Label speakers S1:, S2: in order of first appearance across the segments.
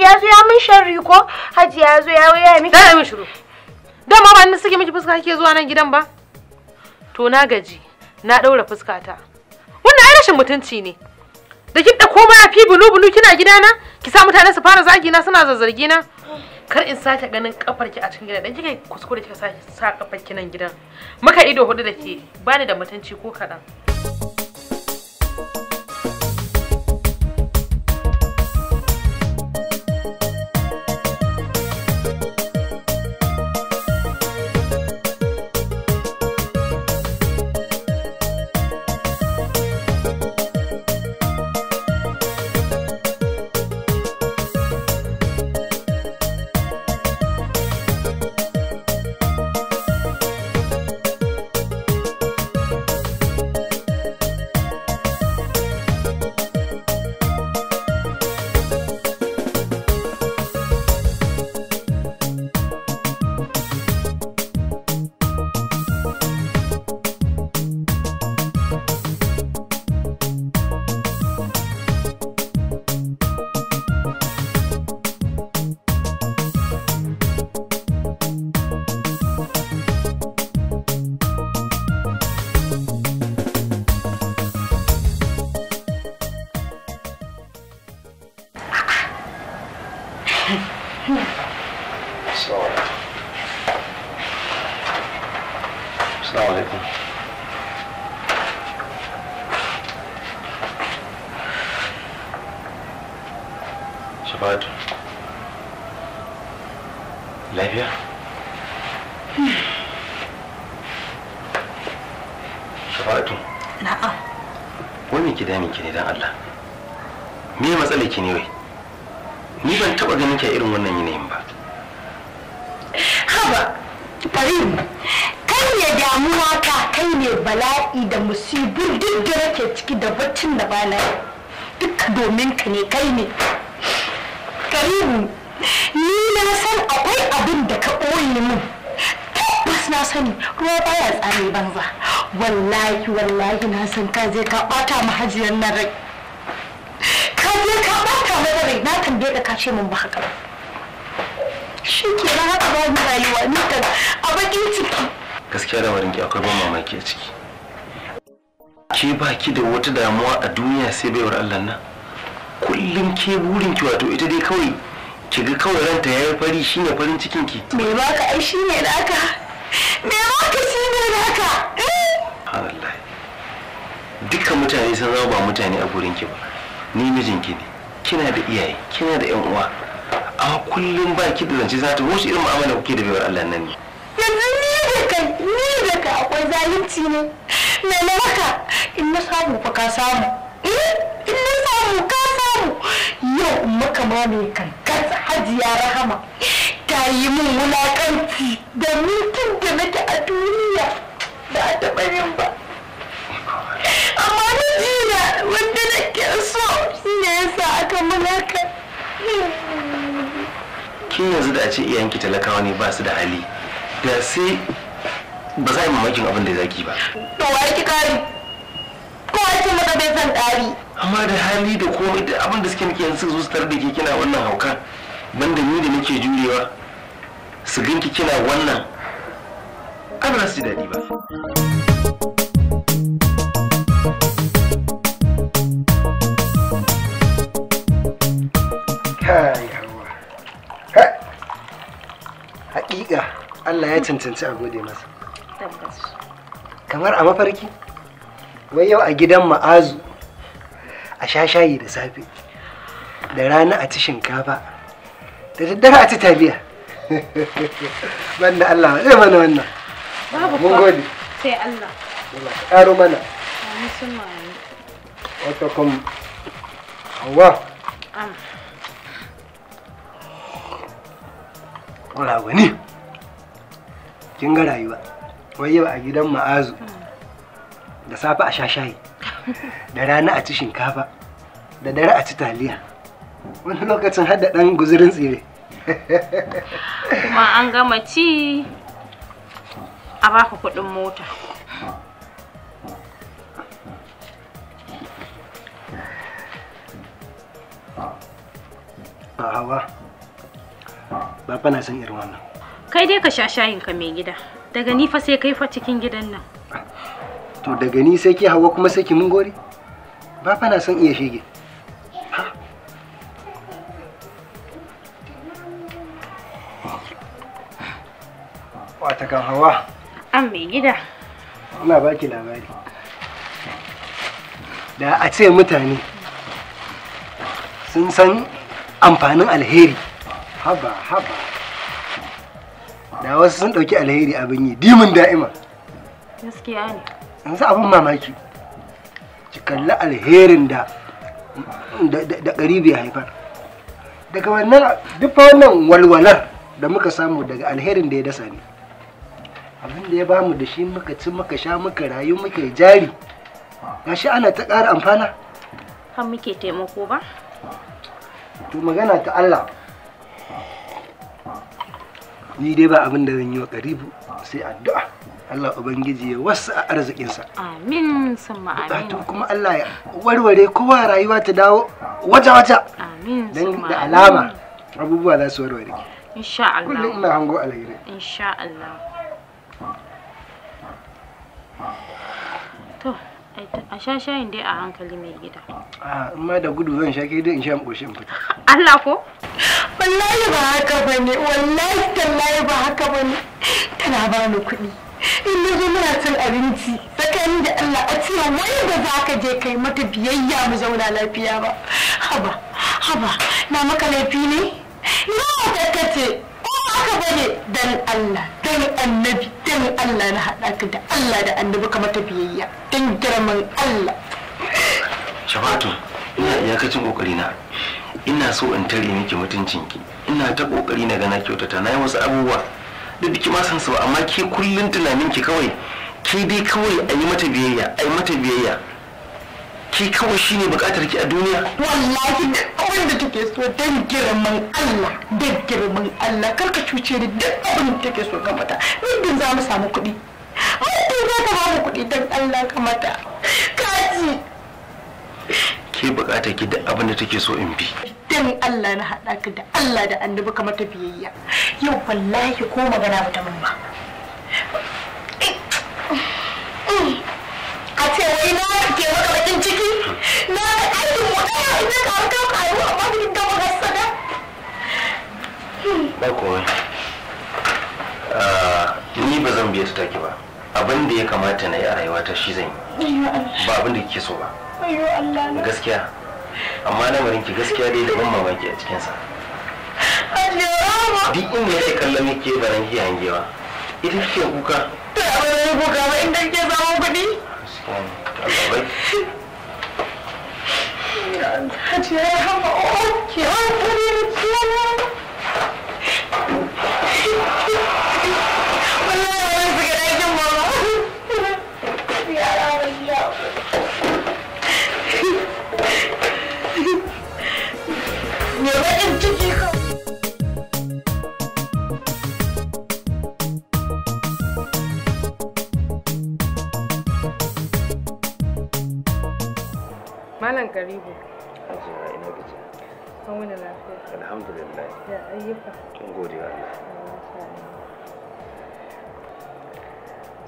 S1: ya zo ya mun sharri ko haji ya zo ya waya miki dai mun shiru dan ma ban suke miki fuska kike zuwa nan gidan ba to na gaji na daura fuska ta wannan ai rashin mutunci ne da kin da koma fi bulu bulu kina na ki sa mutane su fara zagi na suna zazzargi na kar in sake ganin kafar ki a cikin gidan dan kike kuskure kika sa kafar ki nan gidan maka ido hudu da ke bani da mutunci ko kadan shafa'atu na'am
S2: wani ki dani ki ne dan Allah me matsalar ki ne wai ni ban taba ganin ki irin wannan yanayin ba
S1: haba Karim kai ne damuwa ka kai ne bala'i da musibu duk da nake ciki da baccin da bana duk domin ka ne kai ne Karim ni na san akwai abin da ka ɓoye min tabbas na sani ruwa baya tsami banza wallahi wallahi na san ka je ka bata mu hajiyar nan rai ka je ka bata mu rai na tambaye ka ka ce min ba haka shi ke na haka ba mu rayuwa ni ka a bakin ciki
S2: gaskiya da warin ki akwai ban mamaki a ciki ke ba ki da wata damuwa a duniya sai baiwar Allah nan kullum ke burin ki wato ita dai kawai ki ga kawai ranta yayi fari shine farin cikin ki
S3: me ba ka ai shine naka me ba ka shine
S2: naka eh dukkan mutane sun zama ba mutane a gurin ki ba ni mijinki ne kina da iyaye kina da yan uwa A kullum ba ki da zance za ta wasu irin mu'amala kuke da baiwar Allah nan ne
S1: yanzu ni da kai ni da ka akwai zalunci ne na na maka in na samu fa ka samu eh, in na samu ka samu yau maka ma ne kan kasa hajiya rahama ta yi min wulakanci da mutum da nake a duniya
S2: ba a taɓa ba ke yanzu da a ce iyayenki talakawa ne ba su da hali da sai ba za a yi mamakin abin da zaki ba
S1: to wa ki kari ko wa ki maka bai san tsari
S2: amma da hali da komai da abin da suke nake yanzu su tare da ke kina wannan hauka banda ni da nake jurewa su ganki kina wannan kana su daɗi ba
S3: Allah ya cancanci a gode masa kamar a mafarki wai yau a gidan ma'azu a sha shayi da safe da rana a ci shinkafa da daddare a ci taliya banda Allah zai mana wannan
S1: babu gode sai Allah
S3: ƙaro mana wata kuma hawa wala wani kin ga rayuwa wai yau a gidan ma'azu da safe a sha shayi da rana a ci shinkafa da dare a ci taliya wani lokacin har da ɗan guzurin tsire
S1: kuma an gama ci a baka kuɗin mota a hawa
S3: ba fa na san irin wannan
S1: Kai dai ka sha shayinka mai gida. Daga ni fa sai kai fa cikin gidan nan.
S3: To daga ni sai ki hawa kuma sai ki mun gori? Ba fa na son iya shige. Wata kan hawa.
S1: An mai gida.
S3: Ina baki labari. Da a ce mutane sun san amfanin alheri. Haba haba. da wasu sun ɗauki alheri abin yi dimin da'ima gaskiya ne yanzu abin mamaki ki kalli alherin da da ƙaribi ya haifar daga wannan duk wannan walwalar da muka samu daga alherin da ya dasa ne abin da ya bamu da shi muka ci muka sha muka rayu muka jari gashi ana ta ƙara amfana
S1: kan muke taimako ba
S3: to magana ta Allah ni dai ba abin da zan yi wa karibu sai addu'a Allah Ubangiji ya wasu a arzikinsa.
S1: Amin summa amin. Bukatun
S3: kuma Allah ya warware kowa rayuwa ta dawo waja-waja.
S1: Amin summa da alama
S3: abubuwa za su warware.
S1: Insha Allah. Kullum ina hango alheri. Insha Allah. a sha shayin dai a hankali mai gida
S3: a amma da gudu zan sha ke dai in sha koshin fita
S1: Allah ko wallahi ba haka bane wallahi tallahi ba haka bane tana ba ni kuɗi in na zo muna cin abinci tsakanin da Allah a ce wai ba za ka je kai mata biyayya mu zauna lafiya ba haba haba na maka laifi ne na ta kace haka bane ne dan Allah dan annabi dan Allah na haɗa ka da Allah da annabi kamar biyayya dan girman Allah
S2: Shafatu ina iyakacin kokari na ina so in tare miki mutuncinki ina ta kokari na gana kyautata na yi wasu abubuwa da biki ma san su ba amma ke kullun tunaninki kawai ke dai kawai a yi mata biyayya a yi mata biyayya Ki kawai shi ne bukatar ki a duniya
S1: wallahi da abin da take so dan girman Allah da girman Allah karka cuce ni duk abin da take so kamata. mata za mu samu kuɗi Wanda za ka ba kuɗi dan Allah kamata, kaji
S2: ke bukata ki da abin da take so in bi
S1: dan Allah na haɗa ka da Allah da annabi kamata ta biyayya yau wallahi ko magana ba ta mun ba a ce wai na ke maka bakin
S2: ciki na ka aikin mu ɗaya idan ka hau kan karu a bakin ka maka sada. Ba komai. Ah, ni ba zan biya su take ba. Abin da ya kamata na yi a rayuwata shi zan yi. Ba abin da kike so ba. Gaskiya. Amma lamarin ki gaskiya dai da mamaki a cikinsa. Duk inda yake kallon yake baran ki hangewa. Ita kike kuka. Ta
S1: abin da kuka ba inda kike samun kuɗi. Hajiya ya hama ki Malam Karibu. Hajiya ina gaji. Kan wani lafiya.
S2: Alhamdulillah.
S1: Da ayyuka.
S2: Kin gode wa Allah.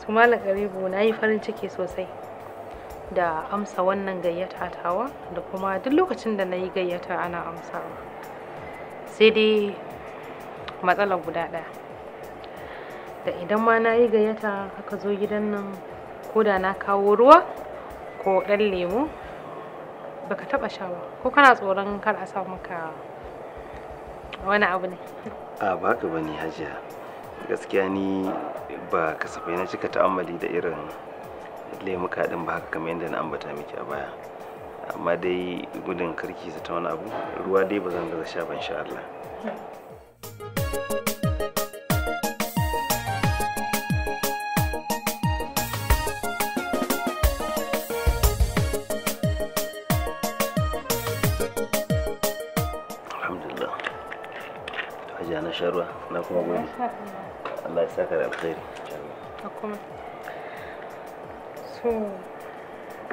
S1: Su Malam Karibu na yi farin ciki sosai da amsa wannan gayyata tawa da kuma duk lokacin da na yi gayyata ana amsawa. Sai dai matsalar guda ɗaya. Da idan ma na yi gayyata aka zo gidan nan ko da na kawo ruwa ko ɗan lemo baka taba sha ba ko kana tsoron kar a samu maka wani abu ne
S2: a ba ka bane hajiya gaskiya ni ba kasafai na cika ta'ammali da irin lemuka din ba haka kamar yadda na ambata miki a baya amma dai gudun karki ta wani abu ruwa dai ba zan gaza sha ban sha Allah
S1: so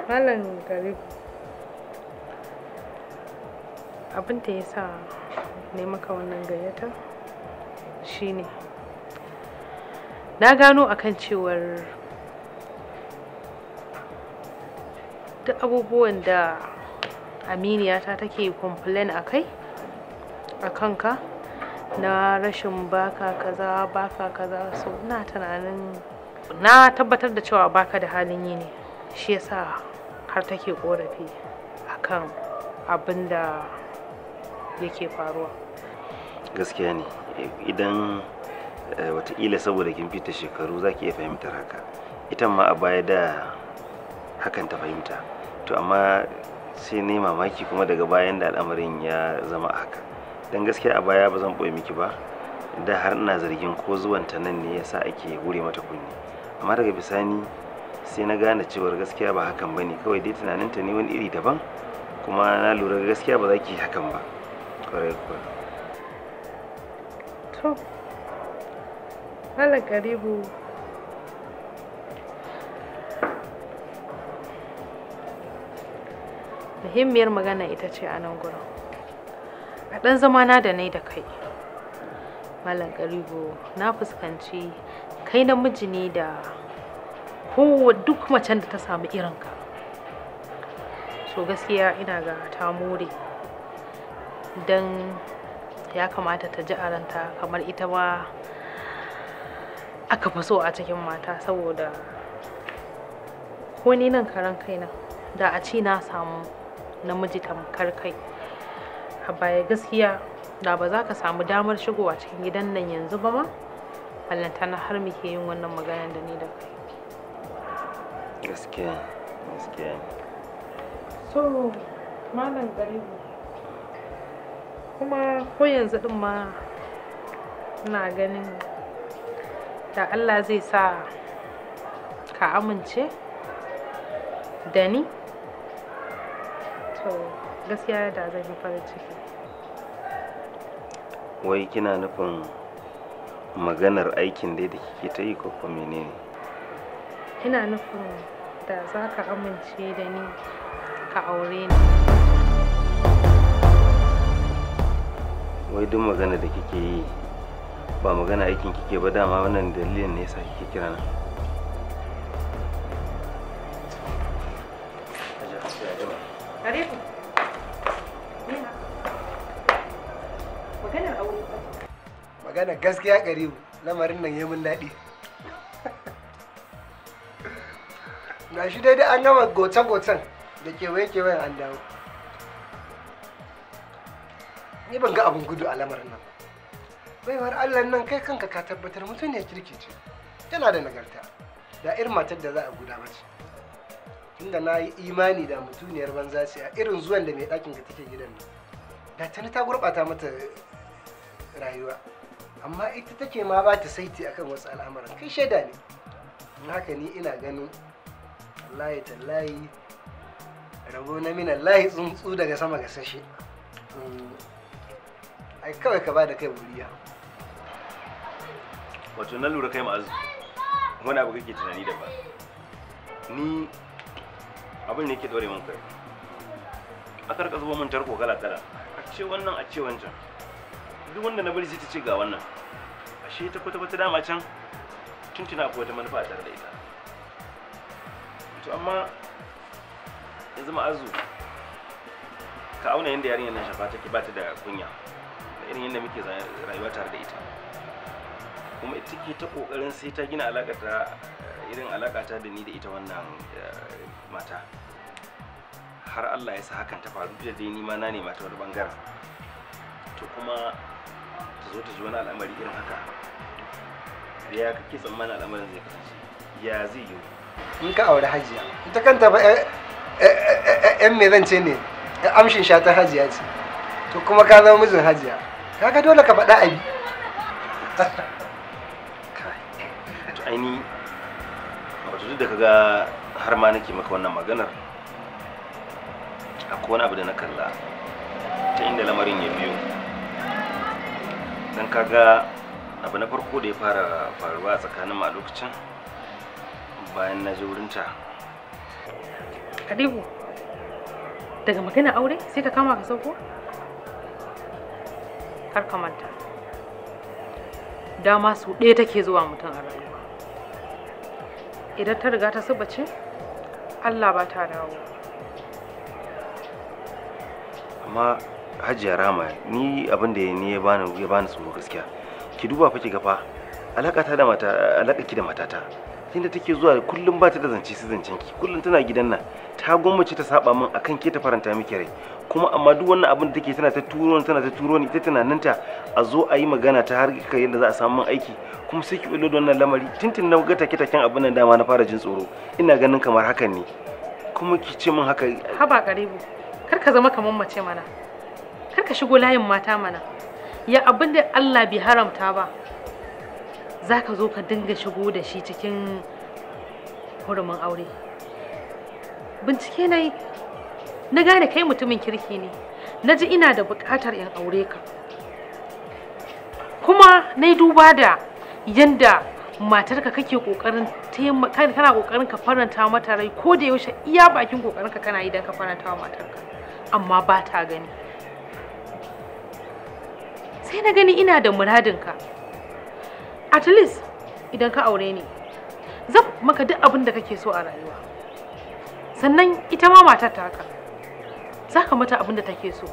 S1: malam gari abin da ya sa ne maka wannan gayyata shine na gano akan cewar duk abubuwan da aminiyata take complain a kai a kanka na rashin baka kaza baka kaza so ina tunanin na tabbatar da cewa baka da halin yi ne shi yasa har take korafi akan abin da yake faruwa
S2: gaskiya ne idan eh, watakila saboda kin fita shekaru za ki iya fahimtar haka ita ma a baya da hakan ta fahimta to amma sai ne mamaki kuma daga bayan da al'amarin ya zama haka don gaskiya a baya ba zan boye miki ba da har ina zargin ko zuwan ta nan ne yasa ake gure mata kunni amma daga bisani sai na gane cewar gaskiya ba hakan bane kawai dai tunanin ta ne wani iri daban kuma na lura gaskiya ba za ki hakan ba kwarai kuwa
S1: to hala karibu muhimmiyar magana ita ce a nan gurin a ɗan zamana da nai da kai malam garibo na fuskanci kai namiji ne da kowa duk macen da ta samu irin ka. so gaskiya ina ga ta more don ya kamata ta ji a kamar ita ma aka fi so a cikin mata saboda ko ni nan karan kaina da a ci na samu namiji tamkar kai a baya gaskiya da ba za ka samu damar shigowa cikin gidan nan yanzu ba ma ballanta na har muke yin wannan magana da ni da kai
S2: gaskiya gaskiya
S1: so malam garibu kuma ko yanzu din ma ina ganin da allah zai sa ka amince da ni to gaskiya da zai yi farin ciki
S2: wai kina nufin maganar aikin dai da kike ta yi ko menene
S1: ina nufin da za ka amince da ni ka aure ni
S2: wai duk magana da kike yi ba magana aikin kike ba dama wannan dalilin ne yasa kike kira na
S3: maganar aure magana gaskiya gari lamarin nan ya mun daɗi na shi daidai an gama gocen-gocen da kewaye-kewayen an dawo ni ban ga abin gudu a lamarin nan baiwar allah nan kai kanka ka tabbatar mutum ne kirki ce tana da nagarta da irin matar da za a guda mace inda na yi imani da mutuniyar banza ce a irin zuwan da mai ɗakin ka take gidan nan ga tana ta gurɓata mata rayuwa amma ita take ma ba ta saiti akan wasu al'amuran kai shaida ne haka ni ina ganin wallahi tallahi rabo na min layi tsuntsu daga sama ga sashe mm. ai kawai ka ba da kai buriya
S2: wato na lura kai ma'azu wani abu kake tunani da ba ni abin ne ke dore min kai akar ka zuba min tarko kala kala ce wannan a ce wancan duk wanda na bari sai ta ce ga wannan ashe ta kwata kwata dama can tuntuna ko wata manufa tare da ita to amma yanzu ma'azu ka auna yadda yarinyar nan shafa take bata da kunya da irin yadda muke rayuwa tare da ita kuma ita ke ta kokarin sai ta gina alaka ta irin alaƙa ta da ni da ita wannan eh, mata har Allah ya sa hakan ta faru da dai ni ma na nema ta wani bangaren to kuma ta zo ta ji wani al'amari irin haka ya kake tsammanin al'amarin zai kasance ya zai yi
S3: in ka aure hajiya ita kanta ba eh, eh, eh, yan me zance ne amshin sha ta hajiya ce to kuma ka zama mijin hajiya kaga dole ka faɗa abi
S2: to aini wato duk da kaga har ma nake maka wannan maganar akwai wani abu da na kalla ta inda lamarin ya biyo don kaga abu na farko da ya fara faruwa a tsakanin a lokacin bayan na je wurinta
S1: kadibu daga magana aure sai ka kama ka sauko kar ka manta dama su ɗaya take zuwa mutum a rayuwa idan ta riga ta subace allah ba ta dawo
S2: amma hajiya rama ni abin da ni ya bani ya tsoro gaskiya ki duba fa ki ga fa alaka ta da mata alaka ki da matata tunda take zuwa kullum ba ta da zance su zancen ki kullum tana gidan nan ta gwammace ta saba min akan ke ta faranta miki rai kuma amma duk wannan abin da take tana ta turo tana ta turo ni ita tunaninta a zo a yi magana ta har yadda za a samu min aiki kuma sai ki bullo da wannan lamari tintin na ga take taken abin nan dama na fara jin tsoro ina ganin kamar hakan ne kuma ki ce min haka
S1: haba karibu kar ka zama kamar mace mana kar ka shigo layin mata mana ya abin da Allah bai haramta ba za ka zo ka dinga shigo da shi cikin hurumin aure bincike na yi na gane kai mutumin kirki ne na ji ina da buƙatar in aure ka kuma na yi duba da yadda matarka kake ƙoƙarin kana ƙoƙarin ka faranta mata rai ko da yaushe iya bakin ƙoƙarinka kana yi don ka faranta wa matarka amma ba ta gani sai na gani ina da muradinka at least idan ka aure ni zan maka duk abin da kake so a rayuwa sannan ita ma matar ta haka za ka mata abin da take so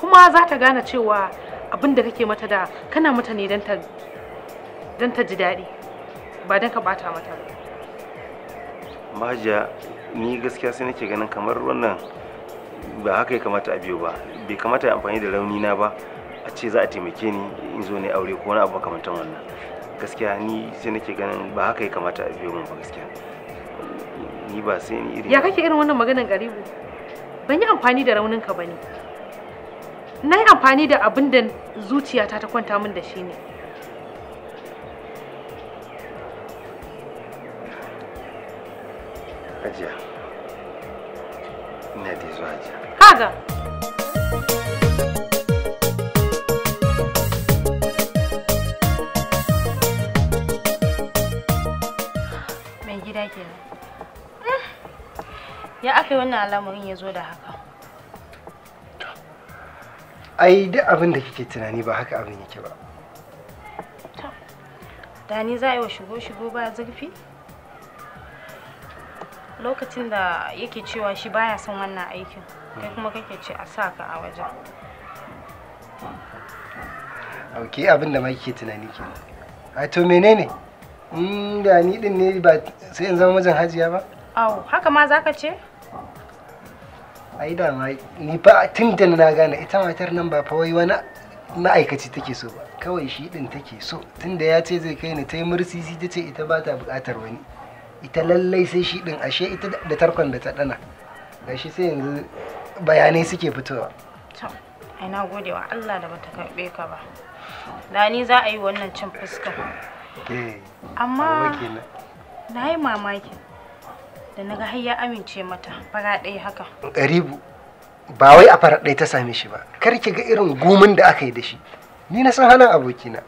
S1: kuma za ta gane cewa abin da kake mata da kana mata ne don ta ji daɗi ba don ka bata mata ba
S2: mahajiya ni gaskiya sai nake ganin kamar wannan ba haka ya kamata a biyo ba bai kamata ya amfani da rauni na ba a ce za a taimake ni in zo ne aure ko wani abu makamantan wannan gaskiya ni sai nake ganin ba haka ya kamata a biyo mun ba gaskiya ni ba sai ni irin ya
S1: kake irin wannan maganar garibu ban yi amfani da raunin ka bane na yi amfani da abin da zuciyata ta kwanta min da shi ne kenan ya aka yi wannan al'amarin ya zo da haka
S3: ai duk abin da kike tunani ba haka abin yake ba
S1: da ni za a yi wa shigo-shigo ba zurfi lokacin da yake cewa shi baya son wannan aikin kai hmm. kuma kake ce a sa ka a wajen
S3: ok abin da ma kike tunani kenan a to menene in da ni din ne ba sai in zama mijin hajiya ba
S1: aw haka ma zaka ce
S3: ai da ma ni fa tun da na gane ita matar nan ba fa wai wani ma'aikaci take so ba kawai shi din take so tun da ya ce zai kai ni ta yi mursisi ta ce ita ba ta bukatar wani ita lallai sai shi din ashe ita da tarkon da ta dana shi sai yanzu bayanai suke fitowa
S1: ai na gode wa Allah da bata karbe ka ba da ni za a yi wannan cin fuskar amma na yi mamaki da na ga ya amince mata fara ɗaya haka
S3: garibu ba wai a fara ɗaya ta same shi ba kar ki ga irin gumin da aka yi da shi ni na san halin abokina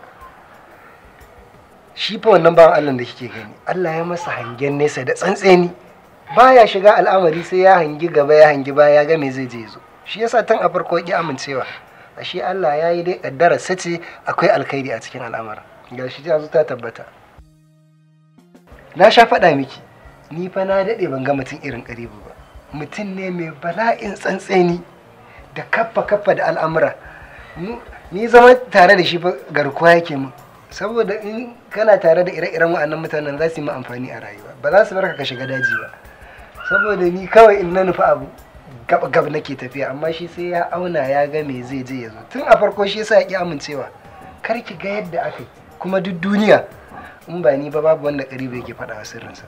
S3: shi fa wannan bawan Allah da kike gani Allah ya masa hangen nesa da tsantseni baya shiga al'amari sai ya hangi gaba ya hangi baya ya ga me zai je zo shi yasa tun a farko ki amincewa ashe Allah ya yi dai kaddara sace akwai alkhairi a cikin al'amarin gashi ta zo ta tabbata na sha faɗa miki ni fa na daɗe ban ga mutum irin karibu ba mutum ne mai bala'in tsantseni da kaffa kaffa da al'amura ni zama tare da shi fa garkuwa yake mu saboda in kana tare da ire-iren wa'annan mutanen za su yi amfani a rayuwa ba za su barka ka shiga daji ba saboda ni kawai in na nufi abu gab gab nake tafiya amma shi sai ya auna ya ga me zai je ya tun a farko shi yasa ya ki amincewa kar ki ga yadda aka yi kuma duk duniya in ba ni ba babu wanda karibu yake faɗa wa sirrinsa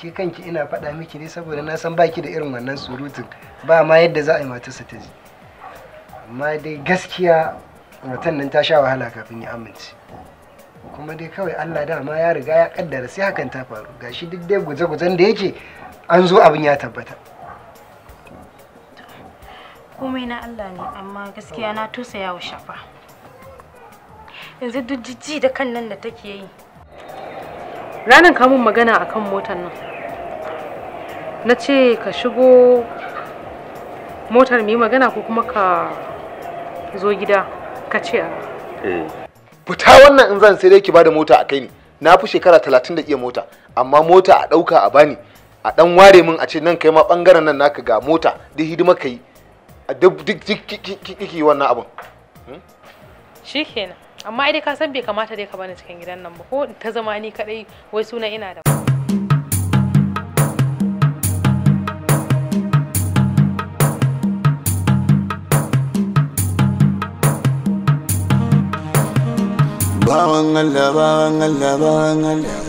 S3: ke kanki ina faɗa miki ne saboda na san baki da irin wannan surutun ba ma yadda za a yi matarsa ta ji amma dai gaskiya watan nan ta sha wahala kafin ya amince kuma dai kawai Allah dama ya riga ya kaddara sai hakan ta faru gashi duk dai guje-gujen da yake an zo abin ya tabbata
S1: komai na Allah ne amma gaskiya na tosaya wa shafa yanzu duk jijji da kan nan da take yi ranar kamun magana akan motar nan na ce ka shigo motar mu magana ko kuma ka zo gida ka ce a fita
S2: wannan in zan sai dai ki bada mota a kai ni na fi shekara talatin da iya mota amma mota a ɗauka a bani a ɗan ware min a ce nan kai ma ɓangaren nan naka ga mota duk hidima ka yi duk duk duk wannan abin
S1: kenan amma dai ka san bai kamata dai ka bani cikin gidan nan ba ko ta zama ni kadai wai suna ina da
S2: Bawan Allah, bawan Allah, bawan Allah.